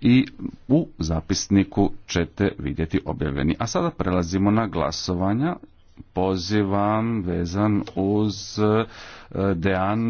i u zapisniku ćete vidjeti objavljeni. A sada prelazimo na glasovanja. Pozivam vezan uz e, Dejan.